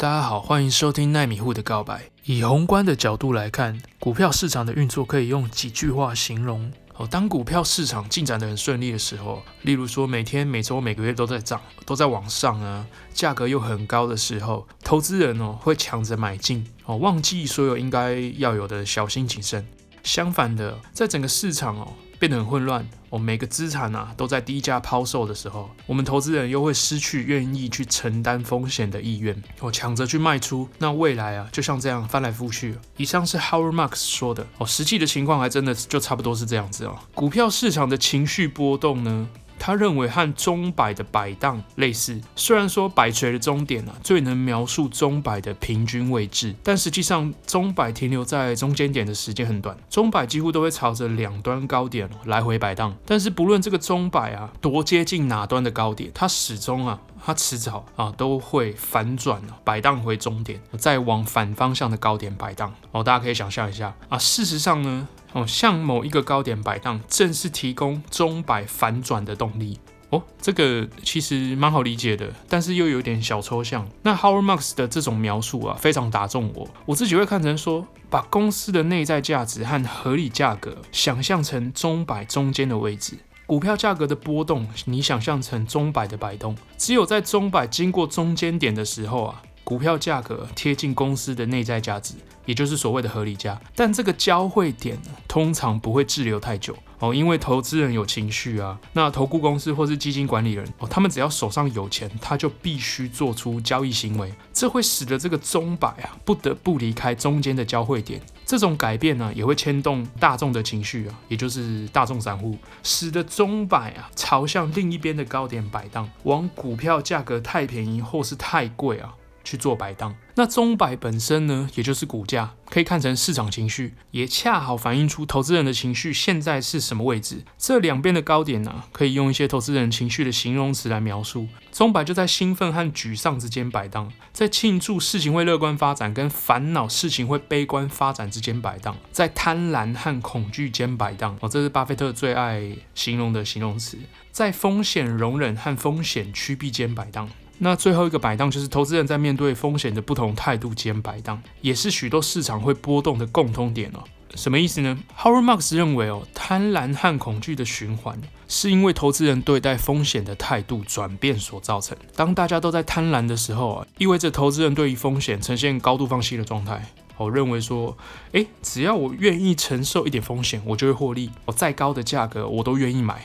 大家好，歡迎收聽奈米戶的告白。以宏觀的角度來看，股票市場的運作可以用幾句話形容。哦，當股票市場進展得很順利的時候，例如說每天、每周、每個月都在漲，都在往上啊，價格又很高的時候，投資人哦會搶着買進哦，忘記所有應該要有的小心謹慎。相反的，在整個市場哦變得很混亂。哦，每個資產吶啊都在低價拋售的時候，我們投資人又會失去願意去承擔風險的意願，哦，搶着去賣出。那未來啊，就像這樣翻來覆去。以上是 Howard Marks 說的哦，實際的情況還真的就差不多是這樣子哦。股票市場的情緒波動呢，他認為和鐘擺的擺盪類似，雖然說擺錘的終點啊最能描述鐘擺的平均位置，但實際上鐘擺停留在中間點的時間很短，鐘擺幾乎都會朝着兩端高點來回擺盪。但是不論這個鐘擺啊多接近哪端的高點，它始終啊它遲早啊都會反轉啊擺盪回終點，再往反方向的高點擺盪。哦，大家可以想象一下啊，事實上呢。哦，向某一個高點擺盪，正是提供鐘擺反轉的動力。哦，這個其實蠻好理解的，但是又有點小抽象。那 Howard Marks 的這種描述啊，非常打中我。我自己會看成說，把公司的內在價值和合理價格想象成鐘擺中間的位置，股票價格的波動你想象成鐘擺的擺動。只有在鐘擺經過中間點的時候啊，股票價格貼近公司的內在價值。也就是所謂的合理價，但這個交匯點通常不會滯留太久哦，因為投資人有情緒啊，那投顧公司或是基金管理人哦，他們只要手上有錢，他就必須做出交易行為，這會使得這個鐘擺啊不得不離開中間的交匯點。這種改變呢、啊，也會牽動大眾的情緒啊，也就是大眾散戶，使得鐘擺啊朝向另一邊的高點擺盪，往股票價格太便宜或是太貴啊，去做擺盪，那鐘擺本身呢，也就是股價，可以看成市場情緒，也恰好反映出投資人的情緒現在是什麼位置。這兩邊的高點呢、啊，可以用一些投資人情緒的形容詞來描述。鐘擺就在興奮和沮喪之間擺盪，在慶祝事情會樂觀發展跟煩惱事情會悲觀發展之間擺盪，在貪婪和恐懼間擺盪。哦，這是巴菲特最愛形容的形容詞，在風險容忍和風險趨避間擺盪。那最後一個擺盪就是投資人在面對風險的不同態度間擺盪，也是許多市場會波動的共通點哦。什麼意思呢？Howard Marks 認為哦，貪婪和恐懼的循環是因為投資人對待風險的態度轉變所造成。當大家都在貪婪的時候啊，意味着投資人對於風險呈現高度放棄的狀態，我、哦、認為說，誒、欸，只要我願意承受一點風險，我就會獲利，我、哦、再高的價格我都願意買。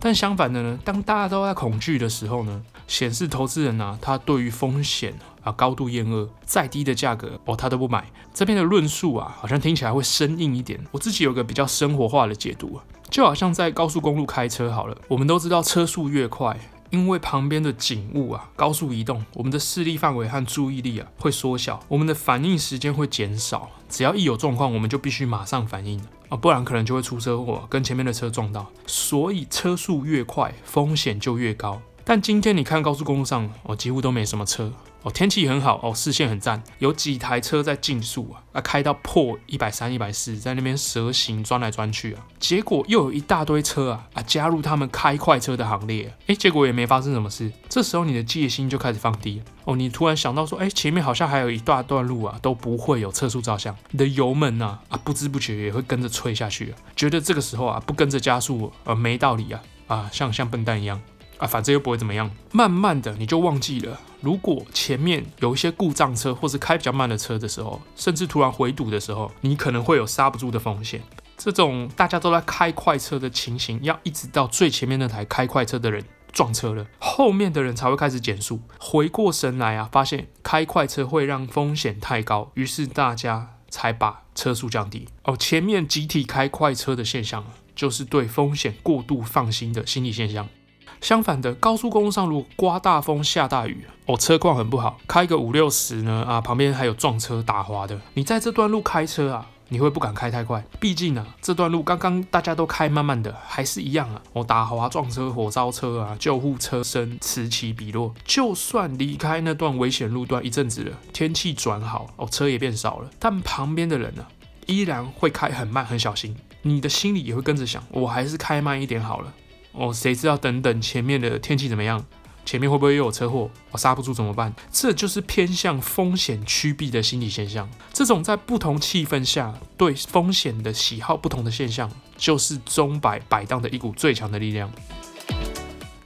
但相反的呢，當大家都在恐懼的時候呢，顯示投資人啊，他對於風險啊高度厭惡，再低的價格哦，他都不買。這邊的論述啊，好像聽起來會生硬一點。我自己有個比較生活化的解讀啊，就好像在高速公路開車好了。我們都知道車速越快，因為旁邊的景物啊高速移動，我們的視力範圍和注意力啊會縮小，我們的反應時間會減少。只要一有狀況，我們就必須馬上反應。哦，不然可能就會出車禍，跟前面的車撞到。所以車速越快，風險就越高。但今天你看高速公路上，我，哦，幾乎都沒什麼車。天氣很好哦，視線很讚，有幾台車在競速啊，啊，開到破一百三、一百四，在那邊蛇行鑽來鑽去啊，結果又有一大堆車啊，啊，加入他們開快車的行列、啊，哎、欸，結果也沒發生什麼事。這時候你的戒心就開始放低了哦，你突然想到說，哎、欸，前面好像還有一大段,段路啊，都不會有測速照相，你的油門呢、啊，啊，不知不覺也會跟着催下去、啊，覺得這個時候啊，不跟着加速呃、啊、沒道理啊，啊，像像笨蛋一樣啊，反正又不會怎麼樣，慢慢的你就忘記了。如果前面有一些故障車，或是開比較慢的車的時候，甚至突然回堵的時候，你可能會有剎不住的風險。這種大家都在開快車的情形，要一直到最前面那台開快車的人撞車了，後面的人才會開始減速。回過神來啊，發現開快車會讓風險太高，於是大家才把車速降低。哦，前面集體開快車的現象，就是對風險過度放心的心理現象。相反的，高速公路上路颳大風下大雨哦，車況很不好，開個五六十呢啊，旁邊還有撞車打滑的。你在這段路開車啊，你會不敢開太快，畢竟呢、啊，這段路剛剛大家都開慢慢的，還是一樣啊，哦，打滑撞車火燒車啊，救護車聲此起彼落。就算離開那段危險路段一陣子了，天氣轉好哦，車也變少了，但旁邊的人呢、啊，依然會開很慢很小心，你的心裡也會跟着想，我還是開慢一點好了。哦，誰知道？等等，前面的天氣怎麼樣？前面會不會又有車禍？我、哦、剎不住怎麼辦？這就是偏向風險趨避的心理現象。這種在不同氣氛下對風險的喜好不同的現象，就是鐘擺擺盪的一股最強的力量。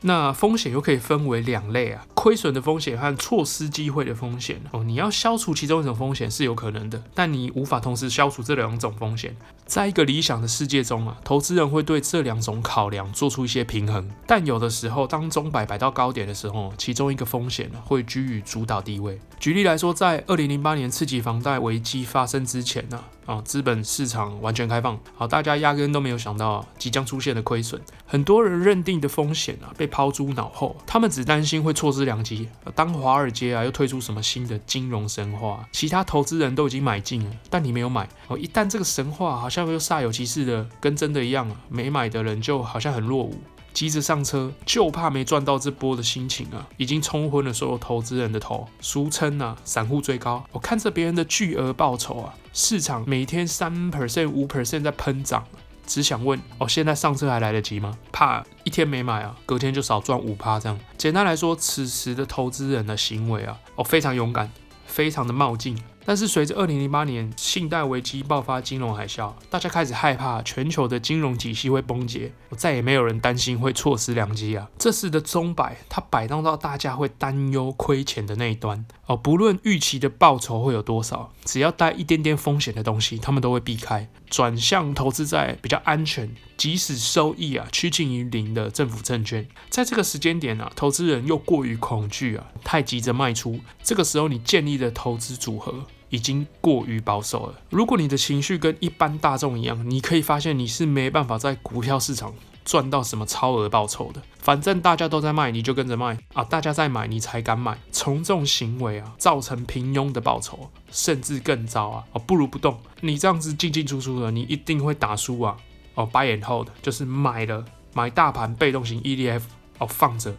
那風險又可以分為兩類啊，虧損的風險和錯失機會的風險哦。你要消除其中一種風險是有可能的，但你無法同時消除這兩種風險。在一個理想的世界中啊，投資人會對這兩種考量做出一些平衡，但有的時候，當鐘擺擺到高點的時候，其中一個風險會居於主導地位。舉例來說，在二零零八年次級房貸危機發生之前呢、啊。啊，資本市場完全開放，哦、大家壓根都沒有想到即將出現的虧損，很多人認定的風險啊，被拋諸腦後，他們只擔心會錯失良機。當華爾街啊又推出什麼新的金融神話，其他投資人都已經買進了，但你沒有買。哦，一旦這個神話好像又煞有其事的跟真的一樣，沒買的人就好像很落伍。急着上車，就怕沒賺到這波的心情啊，已經沖昏了所有投資人的頭，俗稱啊，散戶追高。我、哦、看着別人的巨額報酬啊，市場每天三 percent 五 percent 在噴漲，只想問，哦，現在上車還來得及嗎？怕一天沒買啊，隔天就少賺五趴這樣。簡單來說，此時的投資人的行為啊，哦，非常勇敢，非常的冒進。但是隨着二零零八年信貸危機爆發，金融海嘯，大家開始害怕全球的金融體系會崩解，我再也沒有人擔心會錯失良機啊！這次的鐘擺，它擺動到大家會擔憂虧錢的那一端哦，不論預期的報酬會有多少，只要帶一點點風險的東西，他們都會避開，轉向投資在比較安全。即使收益啊趨近於零的政府證券，在這個時間點啊，投資人又過於恐懼啊，太急着賣出。這個時候，你建立的投資組合已經過於保守了。如果你的情緒跟一般大眾一樣，你可以發現你是沒辦法在股票市場賺到什麼超額報酬的。反正大家都在賣，你就跟着賣啊；大家在買，你才敢買。從眾行為啊，造成平庸的報酬，甚至更糟啊！哦、啊，不如不動。你這樣子進進出出的，你一定會打輸啊。哦、oh,，buy and hold 就是買了買大盤被動型 ETF 哦、oh,，oh, 放着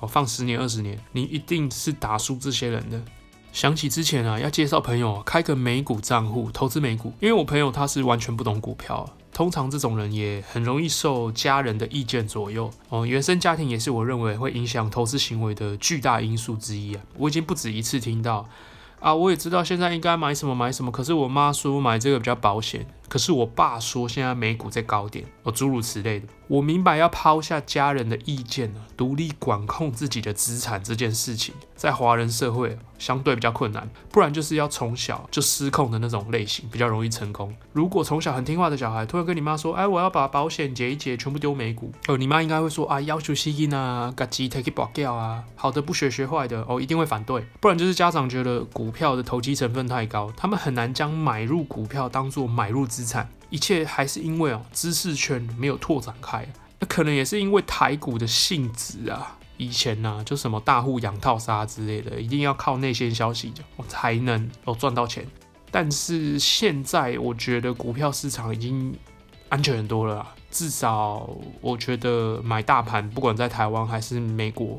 哦，放十年二十年，你一定是打輸這些人的。想起之前啊，要介紹朋友開個美股賬戶投資美股，因為我朋友他是完全不懂股票、啊，通常這種人也很容易受家人的意見左右哦。原生家庭也是我認為會影響投資行為的巨大因素之一啊。我已經不止一次聽到啊，我也知道現在應該買什麼買什麼，可是我媽說買這個比較保險。可是我爸說現在美股在高點哦，諸如此類的。我明白要拋下家人的意見啊，獨立管控自己的資產這件事情，在華人社會啊，相對比較困難。不然就是要從小就失控的那種類型比較容易成功。如果從小很聽話的小孩，突然跟你媽說，哎，我要把保險解一解，全部丟美股哦、呃，你媽應該會說啊，要求細聽啊，趕緊 take it back 掉啊，好的不學，學的，學壞的哦，一定會反對。不然就是家長覺得股票的投機成分太高，他們很難將買入股票當作買入。資產一切還是因為哦，知識圈沒有拓展開，啊，那可能也是因為台股的性質啊。以前啊，就什麼大戶養套殺之類的，一定要靠內線消息才能哦賺到錢。但是現在，我覺得股票市場已經安全很多了啦，至少我覺得買大盤，不管在台灣還是美國，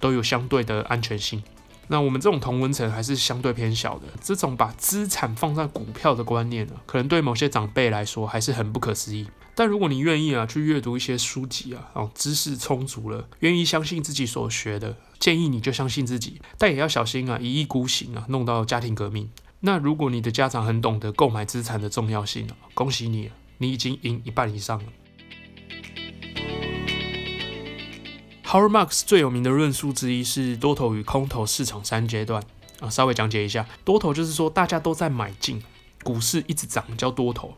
都有相對的安全性。那我們這種同溫層還是相對偏小的。這種把資產放在股票的觀念呢，啊，可能對某些長輩來說還是很不可思議。但如果你願意啊，去閱讀一些書籍啊，然後知識充足了，願意相信自己所學的，建議你就相信自己，但也要小心啊，一意孤行啊，弄到家庭革命。那如果你的家長很懂得購買資產的重要性啊，恭喜你啊，你已經贏一半以上了。Howard Marks 最有名的論述之一是多頭與空頭市場三階段啊，稍微講解一下。多頭就是說大家都在買進，股市一直漲叫多頭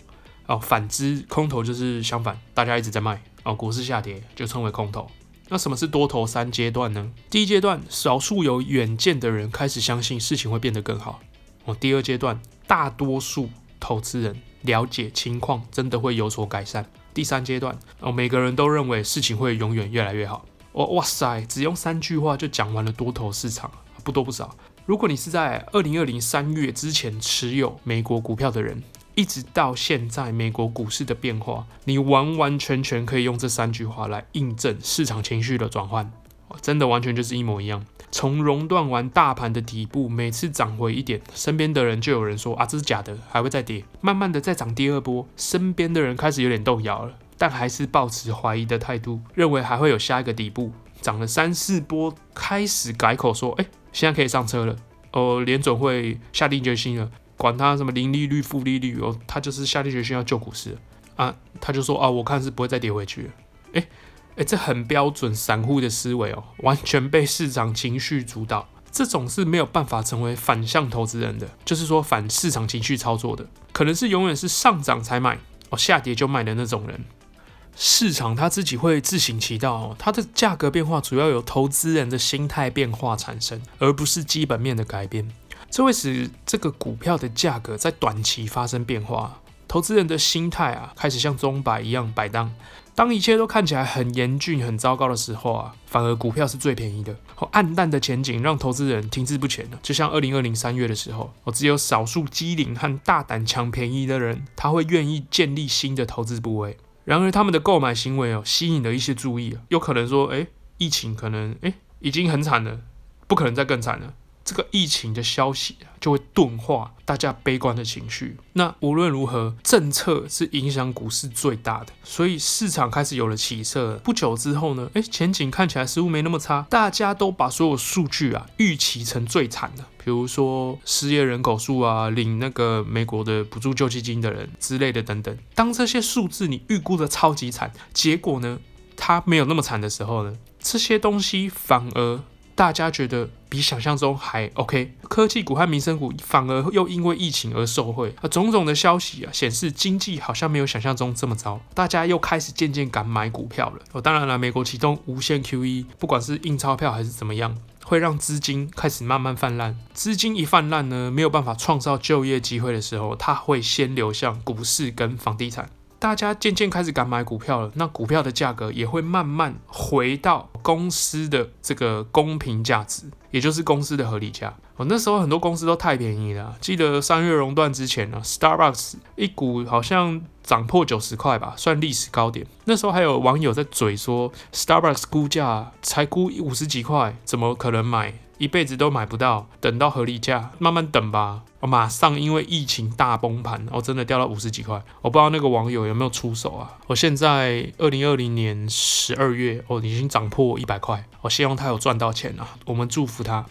啊，反之，空頭就是相反，大家一直在賣啊，股市下跌就稱為空頭。那什麼是多頭三階段呢？第一階段，少數有遠見的人開始相信事情會變得更好哦。第二階段，大多數投資人了解情況真的會有所改善。第三階段哦，每個人都認為事情會永遠越來越好。哦，哇塞！只用三句話就講完了多頭市場，不多不少。如果你是在二零二零年三月之前持有美國股票的人，一直到現在美國股市的變化，你完完全全可以用這三句話來印證市場情緒的轉換。真的完全就是一模一樣。從熔斷完大盤的底部，每次漲回一點，身邊的人就有人說啊，這是假的，還會再跌。慢慢的再漲第二波，身邊的人開始有點動搖了。但還是抱持懷疑的態度，認為還會有下一個底部。漲了三四波，開始改口說：“哎，現在可以上車了。”哦，聯準會下定決心了，管他什麼零利率、負利率哦、喔，他就是下定決心要救股市了啊。他就說：“啊，我看是不會再跌回去。”哎，哎，這很標準散戶的思維哦，完全被市場情緒主導。這種是沒有辦法成為反向投資人的，就是說反市場情緒操作的，可能是永遠是上漲才買，哦，下跌就賣的那種人。市場它自己會自行其道、哦，它的價格變化主要由投資人的心態變化產生，而不是基本面的改變。這會使這個股票的價格在短期發生變化。投資人的心態啊，開始像鐘擺一樣擺盪。當一切都看起來很嚴峻、很糟糕的時候啊，反而股票是最便宜的。黯淡的前景讓投資人停滯不前了。就像二零二零三月的時候，我只有少數機靈和大膽搶便宜的人，他會願意建立新的投資部位。然而，他們的購買行為哦，吸引了一些注意啊，有可能說，哎、欸，疫情可能，哎、欸，已經很慘了，不可能再更慘了。這個疫情的消息啊，就會鈍化大家悲觀的情緒。那無論如何，政策是影響股市最大的，所以市場開始有了起色了。不久之後呢，誒，前景看起來似乎沒那麼差。大家都把所有數據啊預期成最慘的，比如說失業人口數啊，領那個美國的補助救濟金的人之類的等等。當這些數字你預估得超級慘，結果呢，它沒有那麼慘的時候呢，這些東西反而大家覺得。比想象中還 OK，科技股和民生股反而又因為疫情而受惠，而種種的消息啊，顯示經濟好像沒有想象中這麼糟，大家又開始漸漸敢買股票了。哦，當然了，美國啟動無限 QE，不管是印鈔票還是怎麼樣，會讓資金開始慢慢泛濫。資金一泛濫呢，沒有辦法創造就業機會的時候，它會先流向股市跟房地產。大家漸漸開始敢買股票了，那股票的價格也會慢慢回到公司的這個公平價值，也就是公司的合理價。我，哦，那時候很多公司都太便宜了啊，記得三月熔斷之前呢、啊，Starbucks 一股好像漲破九十塊吧，算歷史高點。那時候還有網友在嘴說，Starbucks 估價才估五十幾塊，怎麼可能買？一輩子都買不到，等到合理價，慢慢等吧。我馬上因為疫情大崩盤，我真的掉到五十幾塊，我不知道那個網友有沒有出手啊。我現在二零二零年十二月，哦，已經漲破一百塊，我希望他有賺到錢啊，我們祝福他。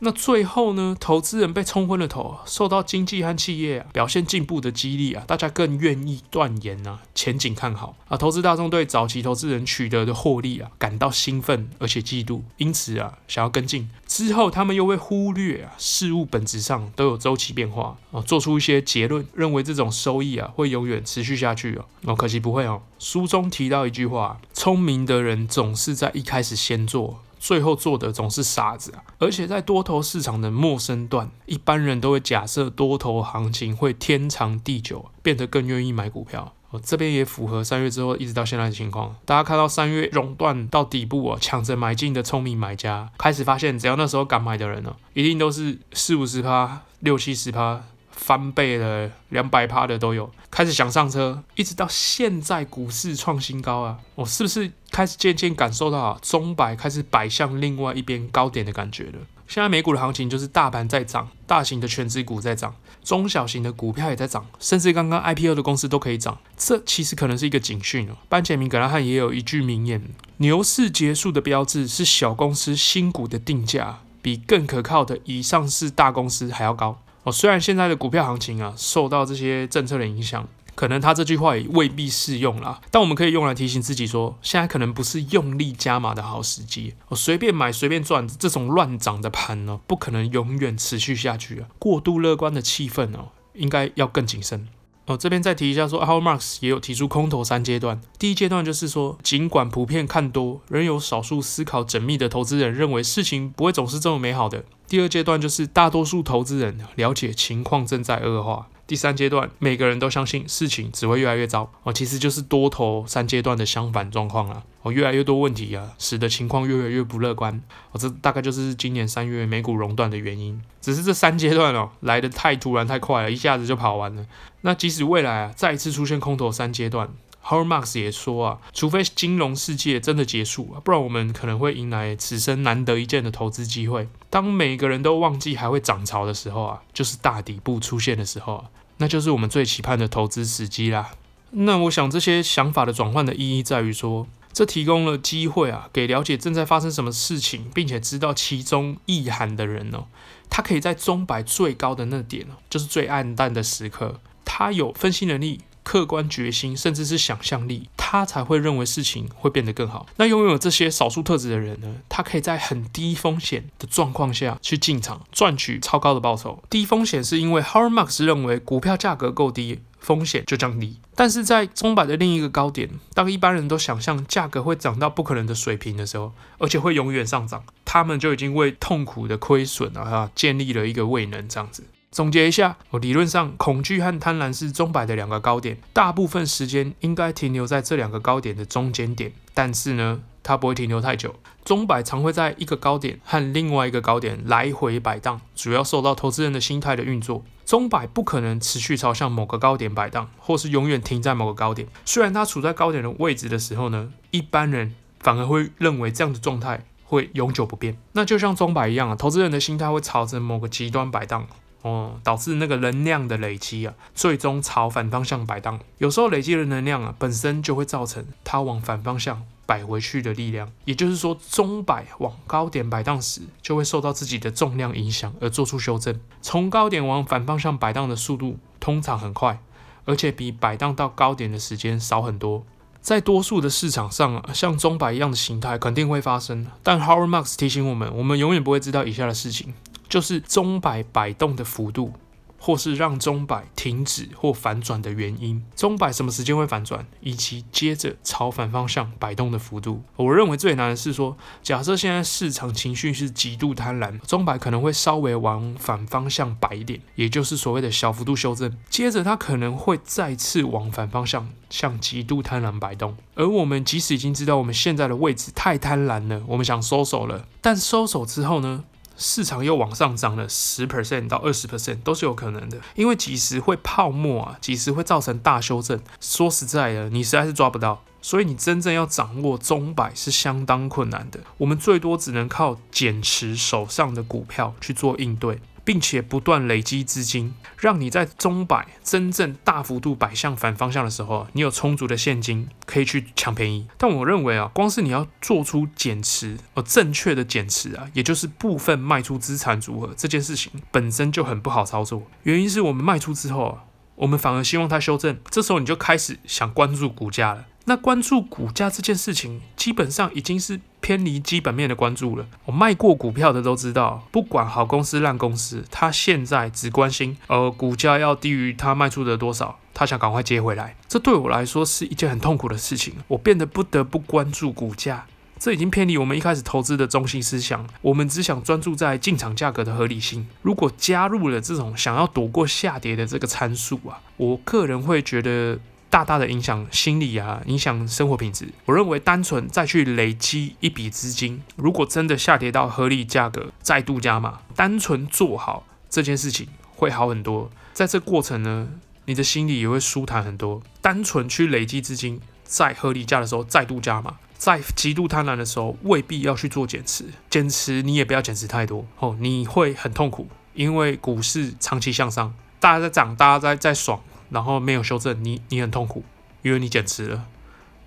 那最後呢，投資人被沖昏了頭，受到經濟和企業、啊、表現進步的激勵啊，大家更願意斷言、啊、前景看好、啊、投資大眾對早期投資人取得的獲利啊感到興奮，而且嫉妒，因此啊想要跟進。之後他們又會忽略啊，事物本質上都有周期變化啊、哦，做出一些結論，認為這種收益啊會永遠持續下去哦，哦，可惜不會哦。書中提到一句話：聰明的人總是在一開始先做，最後做的總是傻子、啊、而且在多頭市場的末升段，一般人都會假設多頭行情會天長地久，變得更願意買股票。我、哦、這邊也符合三月之後一直到現在的情況。大家看到三月熔斷到底部啊、哦，搶着買進的聰明買家開始發現，只要那時候敢買的人呢、哦，一定都是四五十趴、六七十趴，翻倍了兩百趴的都有，開始想上車，一直到現在股市創新高啊！我、哦、是不是開始漸漸感受到啊，鐘擺開始擺向另外一邊高點的感覺了？現在美股的行情就是大盤在漲，大型的權值股在漲，中小型的股票也在漲，甚至剛剛 IPO 的公司都可以漲。這其實可能是一個警訊哦。班傑明·葛拉漢也有一句名言：牛市結束的標誌是小公司新股的定價比更可靠的已上市大公司還要高。哦，雖然現在的股票行情啊，受到這些政策的影響，可能他這句話也未必適用啦，但我們可以用來提醒自己說，現在可能不是用力加碼的好時機。哦，隨便買隨便賺這種亂漲的盤呢、哦，不可能永遠持續下去啊。過度樂觀的氣氛哦，應該要更謹慎。哦，這邊再提一下，說，Howard Marks 也有提出空頭三階段。第一階段就是說，盡管普遍看多，仍有少數思考縝密的投資人認為事情不會總是這麼美好的。第二階段就是大多數投資人了解情況正在惡化。第三階段，每個人都相信事情只會越來越糟哦，其實就是多頭三階段的相反狀況了哦，越來越多問題啊，使得情況越來越不樂觀哦，這大概就是今年三月美股熔斷的原因。只是這三階段哦，來得太突然太快了，一下子就跑完了。那即使未來啊，再一次出現空頭三階段。Howard Marks 也說啊，除非金融世界真的結束了，啊，不然我們可能會迎來此生難得一見的投資機會。當每個人都忘記還會漲潮的時候啊，就是大底部出現的時候啊，那就是我們最期盼的投資時機啦。那我想這些想法的轉換的意義在於說，這提供了機會啊，給了解正在發生什麼事情，並且知道其中意涵的人哦、喔，他可以在鐘擺最高的那點哦，就是最暗淡的時刻，他有分析能力，客觀決心，甚至是想象力，他才會認為事情會變得更好。那擁有這些少數特質的人呢，他可以在很低風險的狀況下去進場，賺取超高的報酬。低風險是因為 Howard Marks 認為股票價格夠低，風險就降低。但是在鐘擺的另一個高點，當一般人都想象價格會漲到不可能的水平的時候，而且會永遠上漲，他們就已經為痛苦的虧損啊建立了一個未能這樣子。總結一下，我理論上恐懼和貪婪是鐘擺的兩個高點，大部分時間應該停留在這兩個高點的中間點，但是呢，它不會停留太久。鐘擺常會在一個高點和另外一個高點來回擺盪，主要受到投資人的心態的運作。鐘擺不可能持續朝向某個高點擺盪，或是永遠停在某個高點。雖然它處在高點的位置的時候呢，一般人反而會認為這樣的狀態會永久不變。那就像鐘擺一樣啊，投資人的心態會朝着某個極端擺盪。哦，導致那個能量的累積啊，最終朝反方向擺盪。有時候累積的能量啊，本身就會造成它往反方向擺回去的力量。也就是說，鐘擺往高點擺盪時，就會受到自己的重量影響而做出修正。從高點往反方向擺盪的速度通常很快，而且比擺盪到高點的時間少很多。在多數的市場上啊，像鐘擺一樣的形態肯定會發生。但 Howard Marks 提醒我們，我們永遠不會知道以下的事情。就是鐘擺擺動的幅度，或是讓鐘擺停止或反轉的原因。鐘擺什麼時間會反轉，以及接着朝反方向擺動的幅度。我認為最難的是說，假設現在市場情緒是極度貪婪，鐘擺可能會稍微往反方向擺一點，也就是所謂的小幅度修正。接着它可能會再次往反方向向極度貪婪擺動。而我們即使已經知道我們現在的位置太貪婪了，我們想收手了，但收手之後呢？市場又往上漲了十 percent 到二十 percent 都是有可能的，因為幾時會泡沫啊，幾時會造成大修正，說實在的，你實在是抓不到，所以你真正要掌握鐘擺是相當困難的，我們最多只能靠減持手上的股票去做應對。並且不斷累積資金，讓你在鐘擺真正大幅度擺向反方向的時候，你有充足的現金可以去搶便宜。但我認為啊，光是你要做出減持，哦，正確的減持啊，也就是部分賣出資產組合這件事情，本身就很不好操作。原因是我們賣出之後，啊，我們反而希望它修正，這時候你就開始想關注股價了。那關注股價這件事情，基本上已經是偏離基本面的關注了。我賣過股票的都知道，不管好公司、爛公司，他現在只關心，呃，股價要低於他賣出的多少，他想趕快接回來。這對我來說是一件很痛苦的事情。我變得不得不關注股價，這已經偏離我們一開始投資的中心思想。我們只想專注在進場價格的合理性。如果加入了這種想要躲過下跌的這個參數啊，我個人會覺得。大大的影響心理啊，影響生活品質。我認為單純再去累積一筆資金，如果真的下跌到合理價格，再度加碼，單純做好這件事情會好很多。在這過程呢，你的心裡也會舒坦很多。單純去累積資金，在合理價的時候再度加碼，在極度貪婪的時候，未必要去做減持。減持你也不要減持太多哦，你會很痛苦，因為股市長期向上，大家在漲，大家在在爽。然後沒有修正，你你很痛苦，因為你減持了，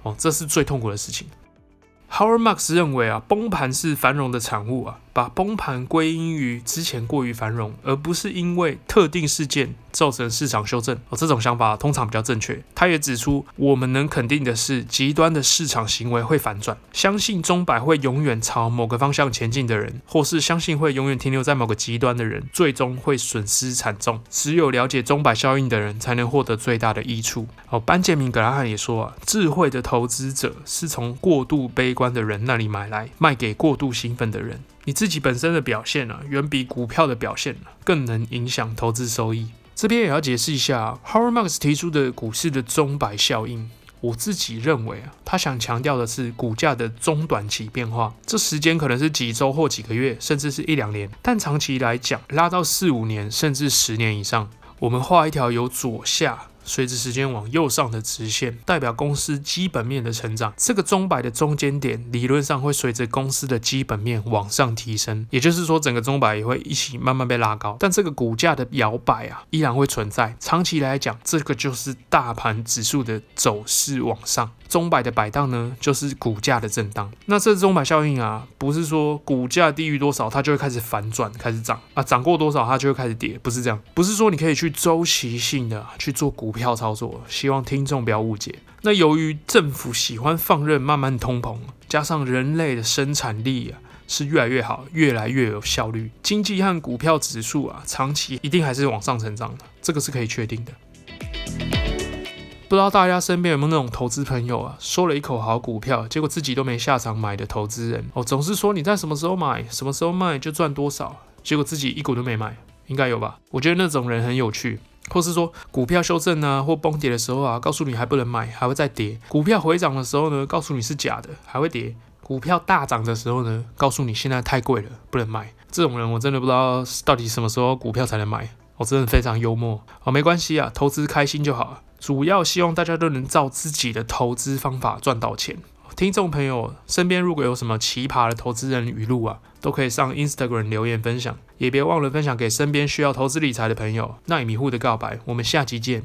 哦，這是最痛苦的事情。Howard Marks 認為啊，崩盤是繁榮的產物啊。把崩盤歸因於之前過於繁榮，而不是因為特定事件造成市場修正。哦，這種想法通常比較正確。他也指出，我們能肯定的是，極端的市場行為會反轉。相信鐘擺會永遠朝某個方向前進的人，或是相信會永遠停留在某個極端的人，最終會損失慘重。只有了解鐘擺效應的人，才能獲得最大的益處。哦，班杰明格拉漢也說啊，智慧的投資者是從過度悲觀的人那裡買來，賣給過度興奮的人。你自己本身的表現啊，遠比股票的表現啊，更能影響投資收益。這邊也要解釋一下，Howard Marks 提出的股市的鐘擺效應。我自己認為啊，他想強調的是股價的中短期變化，這時間可能是幾週或幾個月，甚至是一兩年。但長期來講，拉到四五年甚至十年以上，我們畫一條由左下。隨着時間往右上的直線，代表公司基本面的成長，這個鐘擺的中間點理論上會隨着公司的基本面往上提升，也就是說整個鐘擺也會一起慢慢被拉高，但這個股價的搖擺啊依然會存在。長期來講，這個就是大盤指數的走勢往上。鐘擺的擺盪呢，就是股價的震盪。那這支鐘擺效應啊，不是說股價低於多少它就會開始反轉開始漲啊，漲過多少它就會開始跌，不是這樣。不是說你可以去週期性的去做股票操作，希望聽眾不要誤解。那由於政府喜歡放任慢慢通膨，加上人類的生產力啊是越來越好，越來越有效率，經濟和股票指數啊長期一定還是往上成長的，這個是可以確定的。不知道大家身邊有沒有那種投資朋友啊？說了一口好股票，結果自己都沒下場買的投資人哦，總是說你在什麼時候買，什麼時候賣就賺多少，結果自己一股都沒買，應該有吧？我覺得那種人很有趣，或是說股票修正啊，或崩跌的時候啊，告訴你還不能買，還會再跌；股票回漲的時候呢，告訴你是假的，還會跌；股票大漲的時候呢，告訴你現在太貴了，不能買。這種人我真的不知道到底什麼時候股票才能買，我、哦、真的非常幽默哦。沒關係啊，投資開心就好。主要希望大家都能照自己的投資方法賺到錢。聽眾朋友，身邊如果有什麼奇葩的投資人語錄啊，都可以上 Instagram 留言分享，也別忘了分享給身邊需要投資理財的朋友。奈米戶的告白，我們下期見。